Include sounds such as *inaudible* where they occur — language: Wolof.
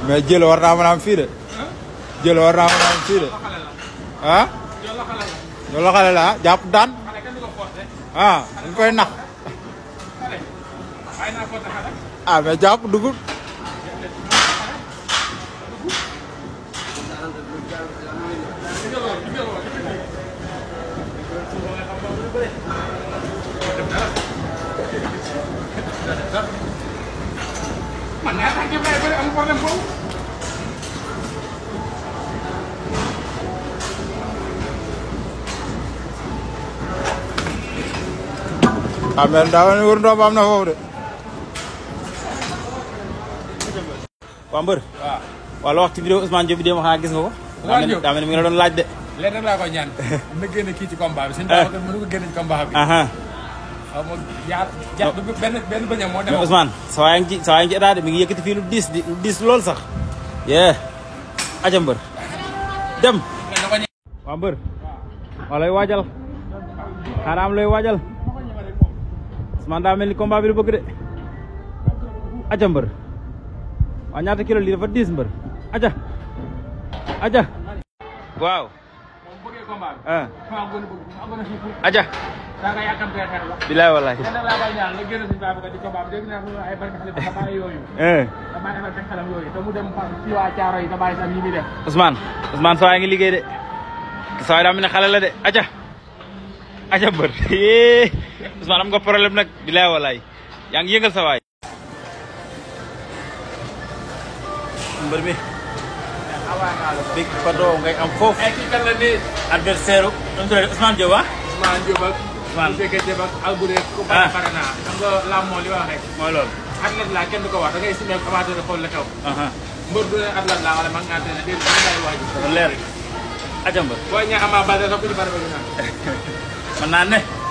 waaw ah, mais jël war naa am fii de. jël war naa mën a am fii de. ah. loolu daan. ah dañ koy nax. ah mais jàpp dugub. problème foofu. ah mais daa wane na foofu de. waa Mbër. waaw wax ci vidéo Ousmane Diop bi xanaa gis nga ko. ni mi ngi la laaj de. léegi nag laa koy ñaan. *laughs* na génne kii ci combat bi. suñu daaw a mën na ko génne ci combat bi. xaw ma jaar jaar du benn benn bañ a moo demoon. aja mbër dem. waa mbër. waa looy waajal. xanaa am looy waajal. Ousmane daa aja mbër. waa ñaata kilo lii dafa aja aja waaw. ah. aja. bilaay walaay. Eh. Ousmane Ousmane saa ngi liggéey de saa yi daa mel ne xale la de aja aja mbër yee *laughs* eh. Ousmane am nga problème nag bilaay walaay yaa ngi yëngal sa waay mbër mi big Pato ngay am foofu. ay kii kan la nii. adversaire u. nu mu tuddati Ousmane Diop ah. Ousmane Diop ak. Ousmane bu fekkee Diop ak Albouri rek. ku pare pare ah. naa xam nga laam moo li wax rek. mooy loolu. athlète laa kenn du ko wax da ngay simee amateur bi xool la xew. mbër du ne athlète laa wala man ngaa teel a dégg nga ay waajur. dafa leer ajamba. boo ñëwee Ama Baldé sax ku ci pare ba ñu naan. *laughs* mën naa ne.